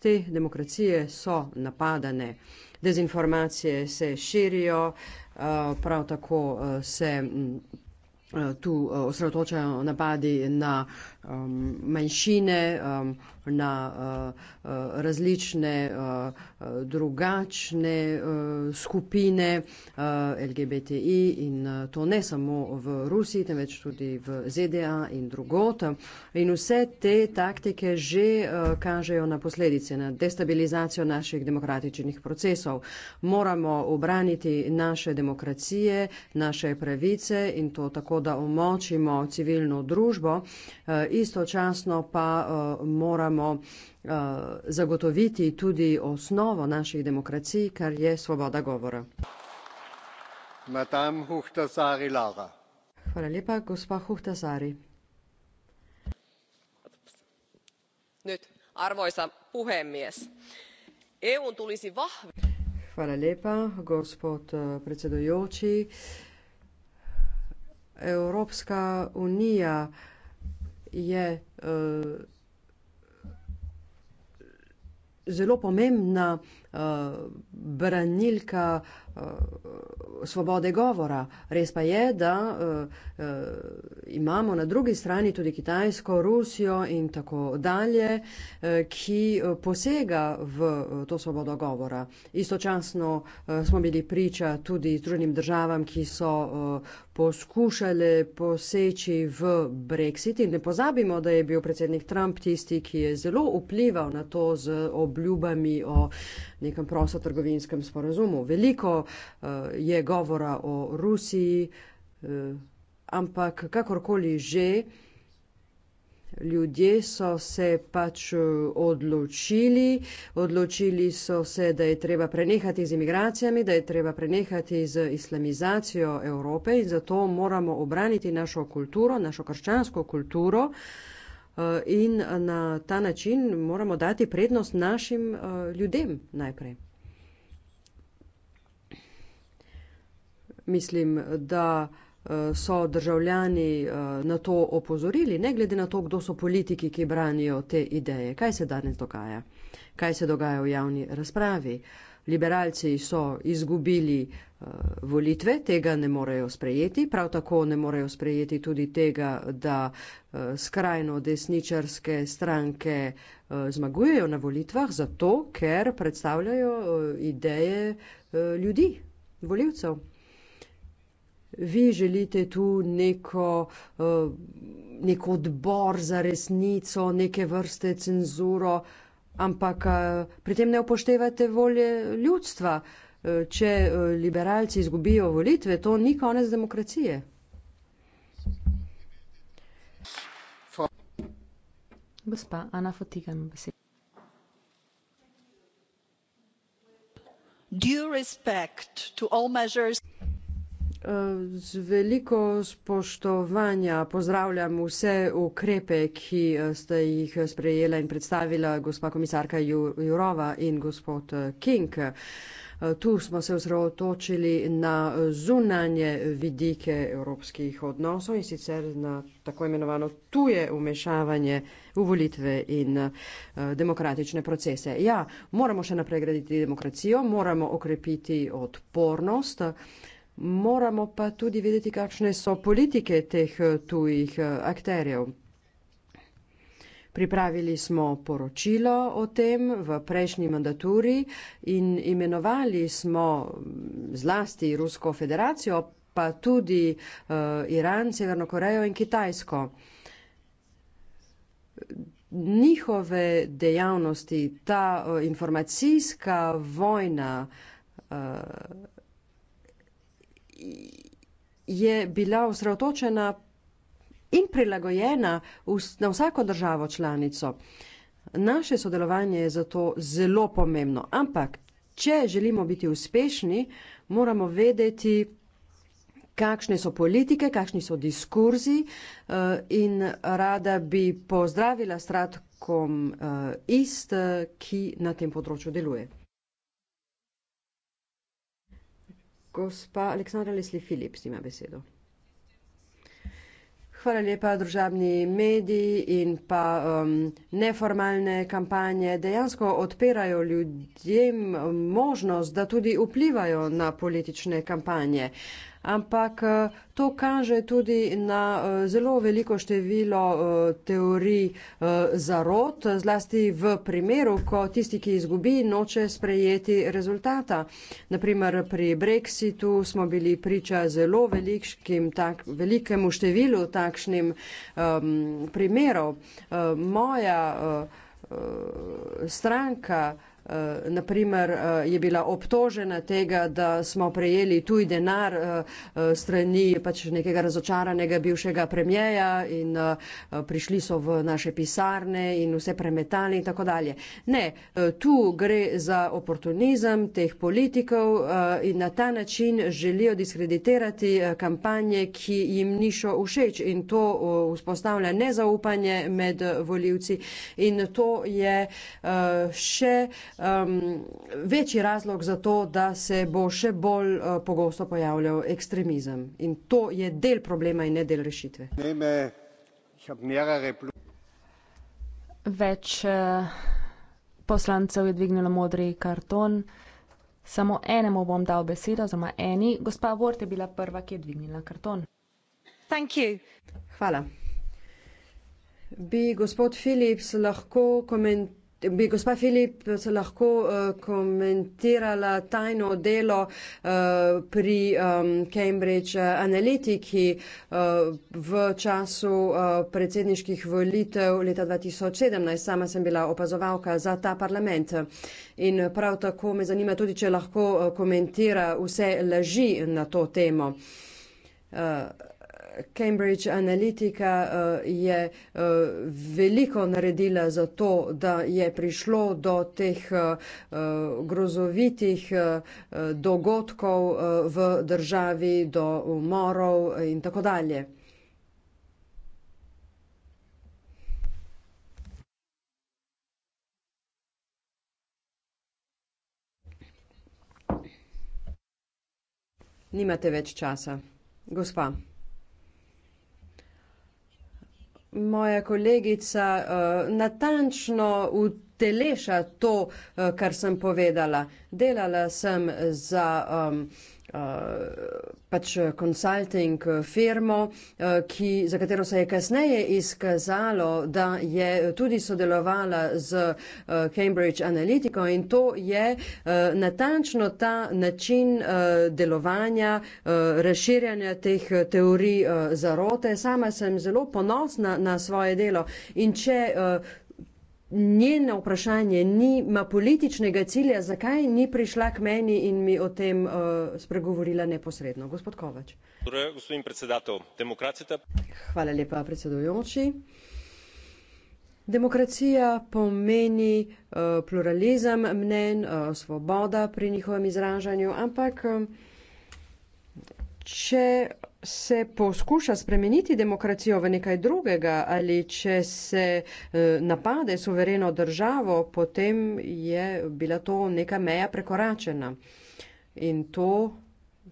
Te demokracije so napadane, dezinformacije se širijo, eh, prav tako eh, se mm, eh, tu osredotočajo napadi na um, manjšine, um, na uh, uh, različne uh, uh, drugačne uh, skupine uh, LGBTI in uh, to ne samo v Rusiji, temveč tudi v ZDA in drugot. In vse te taktike že uh, kažejo na posledice, na destabilizacijo naših demokratičnih procesov. Moramo obraniti naše demokracije, naše pravice in to tako, da omočimo civilno družbo uh, istočasno pa uh, moramo uh, zagotoviti tudi osnovo naših demokracij, kar je svoboda govora. Hvala lepa, gospa Huhtasari. Nüt, arvoisa puhemies. EUn tulisi vahve... Hvala lepa, gospod eh, predsedujoči. Evropska unija uh, je uh, zelo pomembna uh, Eh, branilka eh, svobode govora. Res pa je, da eh, imamo na drugi strani tudi Kitajsko, Rusijo in tako dalje, ki posega v to svobodo govora. Istočasno smo bili priča tudi drugim državam, ki so poskušale poseči v Brexit in ne pozabimo, da je bil predsednik Trump tisti, ki je zelo vplival na to z obljubami o nekem prostotrgovinskem sporazumu. Veliko uh, je govora o Rusiji, uh, ampak kakorkoli že, ljudje so se pač eh, odločili, odločili so se, da je treba prenehati z imigracijami, da je treba prenehati z islamizacijo Evrope in zato moramo obraniti našo kulturo, našo krščansko kulturo. Uh, Eh, in na ta način moramo dati prednost našim eh, ljudem najprej. Mislim, da eh, so državljani na to opozorili, ne glede na to, kdo so politiki, ki branijo te ideje. Kaj se danes dogaja? Kaj se dogaja v javni razpravi? Uh, liberalci so izgubili eh, volitve, tega ne morejo sprejeti, prav tako ne morejo sprejeti tudi tega, da eh, skrajno desničarske stranke eh, zmagujejo na volitvah, zato ker predstavljajo ideje ljudi, voljivcev. Vi želite tu neko, nek odbor za resnico, neke vrste cenzuro, Ampak eh, pri tem ne upoštevate volje ljudstva. Eh, če eh, liberalci izgubijo volitve, to ni konec demokracije. Gospa Ana Fotiga ima besedo. Due respect to all measures. Eh, z veliko spoštovanja pozdravljam vse ukrepe, ki eh, ste jih sprejela in predstavila gospa komisarka Jurova in gospod eh, King. Tu smo se osredotočili na zunanje vidike evropskih odnosov in sicer na tako imenovano tuje umešavanje v volitve in demokratične procese. Ja, moramo še naprej graditi demokracijo, moramo okrepiti odpornost. Moramo pa tudi vedeti, kakšne so politike teh eh, tujih eh, akterjev. Pripravili smo poročilo o tem v prejšnji mandaturi in imenovali smo mm, zlasti Rusko federacijo, pa tudi eh, Iran, Severno Korejo in Kitajsko. Njihove dejavnosti, ta informacijska vojna, je bila osredotočena in prilagojena na vsako državo članico. Naše sodelovanje je zato zelo pomembno, ampak če želimo biti uspešni, moramo vedeti, kakšne so politike, kakšni so diskurzi eh, in rada bi pozdravila stratkom eh, IST, ki na tem področju deluje. gospa Aleksandra Lesli Filip ima besedo. Hvala lepa, državni mediji in pa um, neformalne kampanje dejansko odpirajo ljudem možnost, da tudi vplivajo na politične kampanje. Uh, ampak eh, to kaže tudi na eh, zelo veliko število eh, teorij zarot, zlasti v primeru, ko tisti, ki izgubi, noče sprejeti rezultata. Naprimer, pri Brexitu smo bili priča zelo velikim, tak, velikemu številu takšnim um, primerov. Moja uh, stranka, Eh, naprimer eh, je bila obtožena tega, da smo prejeli tuj denar eh, strani pač nekega razočaranega bivšega premjeja in prišli so v naše pisarne in vse premetali in tako dalje. Ne, tu gre za oportunizem teh politikov in na ta način želijo diskreditirati kampanje, ki jim nišo všeč in to vzpostavlja nezaupanje med voljivci in to je še um, večji razlog za to, da se bo še bolj uh, pogosto pojavljal ekstremizem. In to je del problema in ne del rešitve. Več uh, poslancev je dvignilo modri karton. Samo enemu bom dal besedo, oziroma eni. Gospa Vort je bila prva, ki je dvignila karton. Hvala. Bi gospod Philips lahko komentiral? Bi gospa Filip eh, se lahko uh, komentirala tajno delo uh, pri um, Cambridge Analytici uh, v času uh, predsedniških volitev leta 2017. Sama sem bila opazovalka za ta parlament. In prav tako me zanima tudi, če lahko uh, komentira vse laži na to temo. Uh, Cambridge Analytica eh, je eh, veliko naredila za to, da je prišlo do teh eh, grozovitih dogodkov v državi, do umorov in tako dalje. Nimate več časa. Gospa moja kolegica uh, natančno v teleša to, uh, kar sem povedala. Delala sem za um, Eh, pač eh, consulting eh, firmo, ki, za katero se je kasneje izkazalo, da je tudi sodelovala z Cambridge Analytico in to je natančno ta način delovanja, razširjanja teh teorij zarote. Sama sem zelo ponosna na svoje delo in če njeno vprašanje nima političnega cilja, zakaj ni prišla k meni in mi o tem uh, spregovorila neposredno. Gospod Kovač. Torej, gospodin predsedatov, demokracija. Hvala lepa, predsedujoči. Demokracija pomeni uh, pluralizem mnen, uh, eh, svoboda pri njihovem izražanju, ampak um, če uh, se poskuša spremeniti demokracijo v nekaj drugega ali če se eh, napade suvereno državo, potem je bila to neka meja prekoračena. In to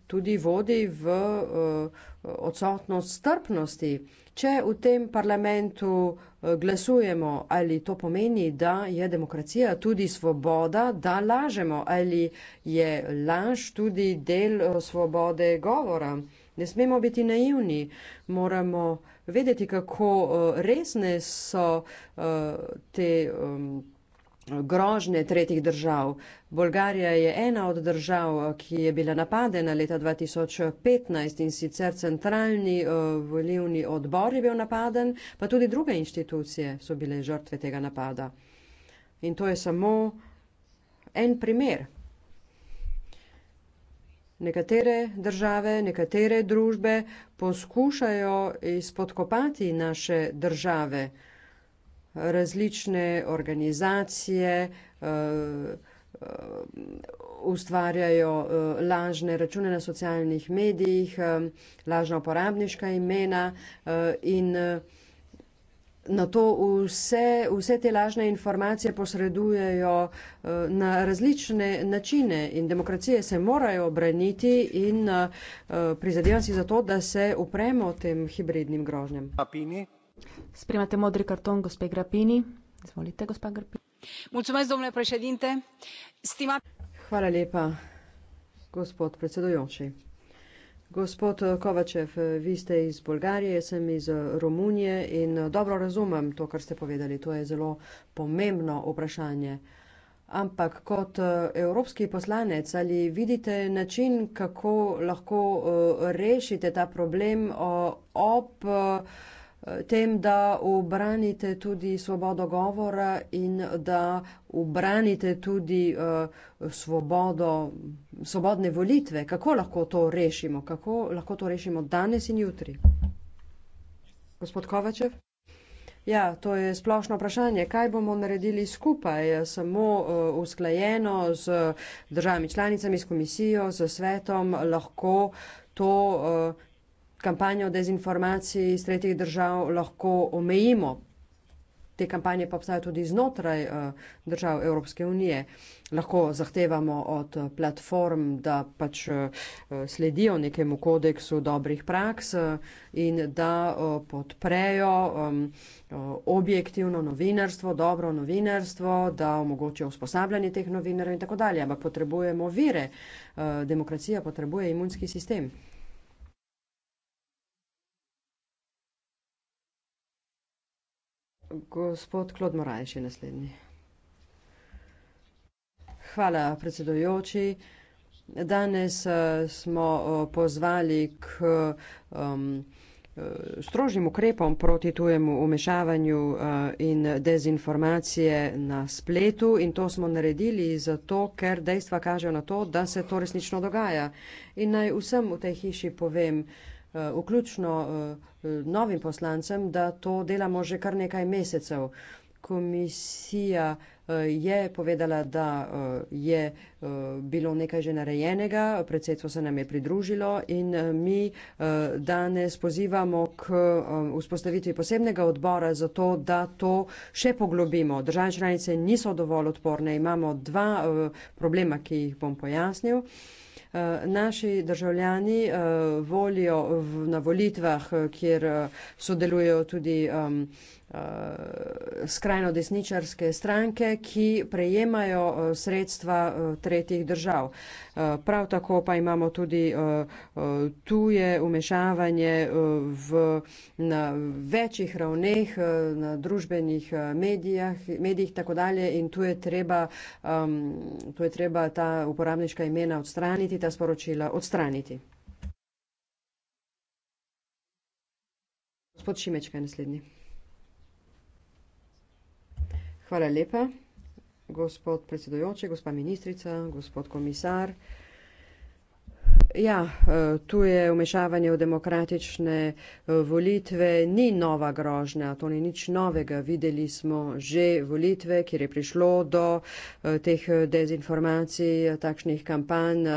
tudi vodi v eh, odsotnost strpnosti. Če v tem parlamentu eh, glasujemo, ali to pomeni, da je demokracija tudi svoboda, da lažemo, ali je laž tudi del svobode govora. Ne smemo biti naivni, moramo vedeti, kako eh, resne so eh, te eh, grožne tretjih držav. Bolgarija je ena od držav, ki je bila napadena leta 2015 in sicer centralni volivni odbor je bil napaden, pa tudi druge inštitucije so bile žrtve tega napada. In to je samo en primer. Nekatere države, nekatere družbe poskušajo izpodkopati naše države, različne organizacije, eh, eh, ustvarjajo eh, lažne račune na socialnih medijih, lažna uporabniška imena in na to vse, vse te lažne informacije posredujejo eh, na različne načine in demokracije se morajo obraniti in eh, prizadevam si za to, da se upremo tem hibridnim grožnjem. Grapini. Spremate modri karton gospe Grapini. Izvolite, gospa Grapini. Mulțumesc, domnule președinte. Stimat... Hvala lepa, gospod predsedujoči. Gospod Kovačev, vi ste iz Bolgarije, jaz sem iz Romunije in dobro razumem to, kar ste povedali. To je zelo pomembno vprašanje. Ampak kot eh, evropski poslanec, ali vidite način, kako lahko eh, rešite ta problem eh, ob tem, da obranite tudi svobodo govora in da obranite tudi uh, svobodo, svobodne volitve. Kako lahko to rešimo? Kako lahko to rešimo danes in jutri? Gospod Kovačev? Ja, to je splošno vprašanje. Kaj bomo naredili skupaj, samo uh, usklajeno z državami članicami, s komisijo, z svetom, lahko to uh, kampanjo dezinformacij iz tretjih držav lahko omejimo. Te kampanje pa obstajajo tudi znotraj eh, držav Evropske unije. Lahko zahtevamo od eh, platform, da pač eh, sledijo nekemu kodeksu dobrih praks in da podprejo objektivno novinarstvo, dobro novinarstvo, da omogočijo usposabljanje teh novinarjev in tako dalje. Ampak potrebujemo vire. Demokracija potrebuje imunski sistem. Gospod Klod Morajš je naslednji. Hvala, predsedojoči. Danes eh, smo eh, pozvali k um, eh, strožnim ukrepom proti tujemu umešavanju in dezinformacije na spletu in to smo naredili zato, ker dejstva kažejo na to, da se to resnično dogaja. In naj vsem v tej hiši povem, da Eh, vključno eh, novim poslancem, da to delamo že kar nekaj mesecev. Komisija eh, je povedala, da je bilo nekaj že narejenega, predsedstvo se nam je pridružilo in mi danes pozivamo k vzpostavitvi posebnega odbora za to, da to še poglobimo. Države članice niso dovolj odporne, imamo dva problema, ki jih bom pojasnil. Eh, naši državljani eh, volijo na volitvah, eh, kjer sodelujejo tudi. Eh, skrajno desničarske stranke, ki prejemajo eh, sredstva eh, tretjih držav. Prav tako pa imamo tudi tuje umešavanje v, na večjih ravneh, na družbenih medijah, medijih tako dalje in tu je treba, tu je treba ta uporabniška imena odstraniti, ta sporočila odstraniti. Gospod Šimečka je naslednji. Hvala lepa, gospod predsedujoči, gospa ministrica, gospod komisar. Ja, eh, tu je vmešavanje v demokratične eh, volitve, ni nova grožnja, to ni nič novega. Videli smo že volitve, kjer je prišlo do eh, teh dezinformacij, takšnih kampanj,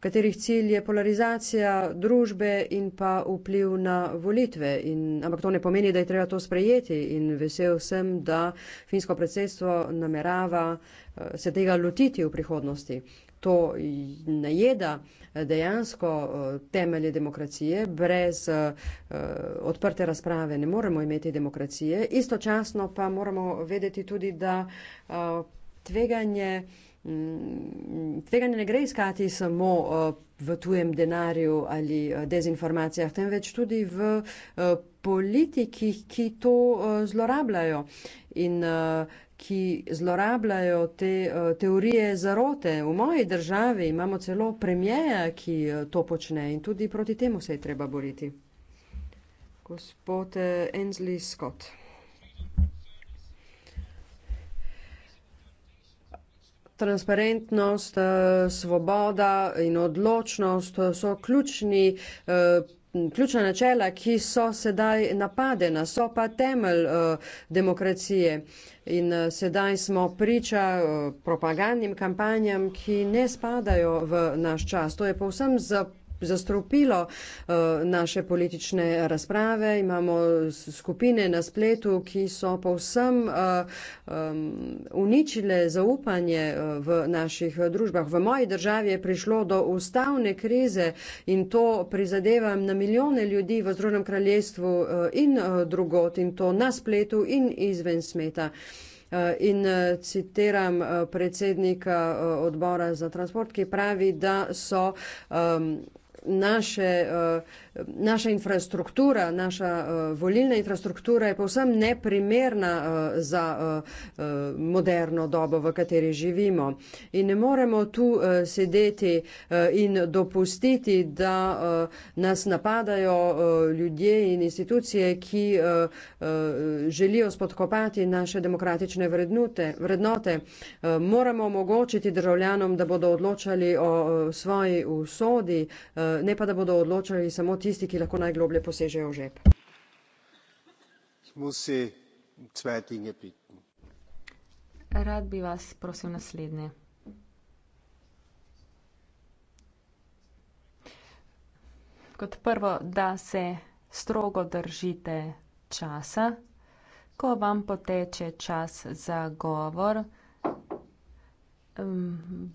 katerih cilj je polarizacija družbe in pa vpliv na volitve. In, ampak to ne pomeni, da je treba to sprejeti in vesel sem, da finsko predsedstvo namerava se tega lotiti v prihodnosti to najeda dejansko eh, temelje demokracije. Brez eh, odprte razprave ne moremo imeti demokracije. Istočasno pa moramo vedeti tudi, da eh, tveganje. Mm, tveganje ne gre iskati samo v tujem denarju ali dezinformacijah, temveč tudi v politikih, ki to zlorabljajo. In ki zlorabljajo te eh, teorije zarote. V moji državi imamo celo premijeja, ki eh, to počne in tudi proti temu se je treba boriti. Gospod Ensley eh, Scott. Transparentnost, svoboda in odločnost so ključni ključna načela, ki so sedaj napadena, so pa temelj uh, demokracije. In uh, sedaj smo priča uh, propagandnim kampanjam, ki ne spadajo v naš čas. To je povsem zaprto zastropilo eh, naše politične razprave. Imamo skupine na spletu, ki so povsem eh, uničile zaupanje eh, v naših družbah. V moji državi je prišlo do ustavne krize in to prizadevam na milijone ljudi v Združenem kraljestvu in drugot in to na spletu in izven smeta. In citiram predsednika odbora za transport, ki pravi, da so um, naše, eh, naša infrastruktura, naša eh, volilna infrastruktura je povsem neprimerna eh, za moderno dobo, v kateri živimo. In ne moremo tu sedeti in dopustiti, da nas napadajo ljudje in institucije, ki želijo spodkopati naše demokratične vrednute, vrednote. Moramo omogočiti državljanom, da bodo odločali o svoji usodi Eh, ne pa da bodo odločali samo tisti, ki lahko najgloblje posežejo v žep. Rad bi vas prosil naslednje. Kot prvo, da se strogo držite časa. Ko vam poteče čas za govor,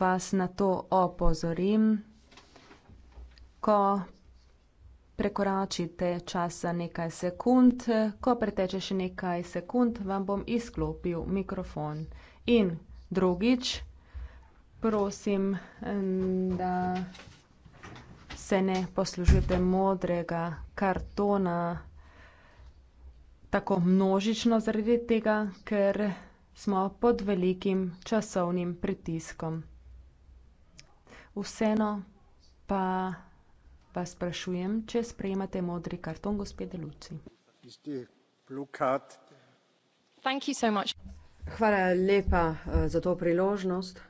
vas na to opozorim ko prekoračite časa nekaj sekund, ko preteče še nekaj sekund, vam bom izklopil mikrofon. In drugič, prosim, da se ne poslužujete modrega kartona tako množično zaradi tega, ker smo pod velikim časovnim pritiskom. Vseeno pa pa sprašujem, če sprejemate modri karton gospe Deluci. Hvala lepa eh, za to priložnost.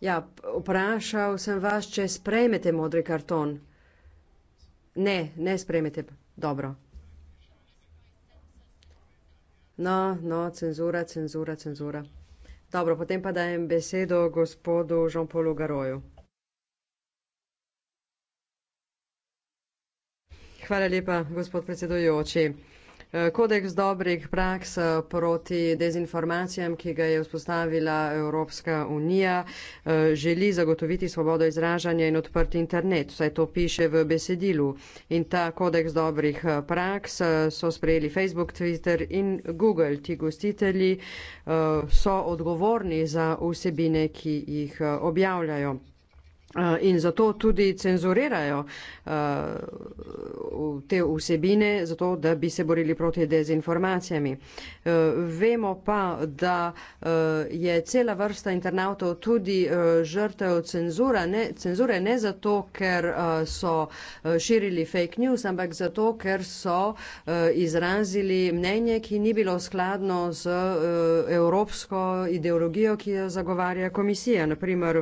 Ja, vprašal sem vas, če sprejmete modri karton. Ne, ne sprejmete. Dobro. No, no, cenzura, cenzura, cenzura. Dobro, potem pa dajem besedo gospodu Jean-Paulu Garoju. Hvala lepa, gospod predsedujoči. Eh, kodeks dobrih praks eh, proti dezinformacijam, ki ga je vzpostavila Evropska unija, eh, želi zagotoviti svobodo izražanja in odprt internet. Vse to piše v besedilu. In ta kodeks dobrih praks so sprejeli Facebook, Twitter in Google. Ti gostitelji so odgovorni za vsebine, ki jih objavljajo. Eh, in zato tudi cenzurirajo eh, te vsebine, zato da bi se borili proti dezinformacijami. Eh, vemo pa, da je cela vrsta internautov tudi žrtev cenzura, ne, cenzure ne zato, ker so širili fake news, ampak zato, ker so izrazili mnenje, ki ni bilo skladno z evropsko ideologijo, ki jo zagovarja komisija. Naprimer,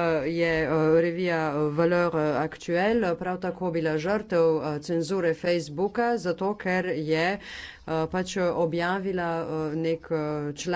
Eh, je eh, revija eh, Valeur Actuel prav tako bila žrtev cenzure Facebooka, zato ker je pač objavila nek članek.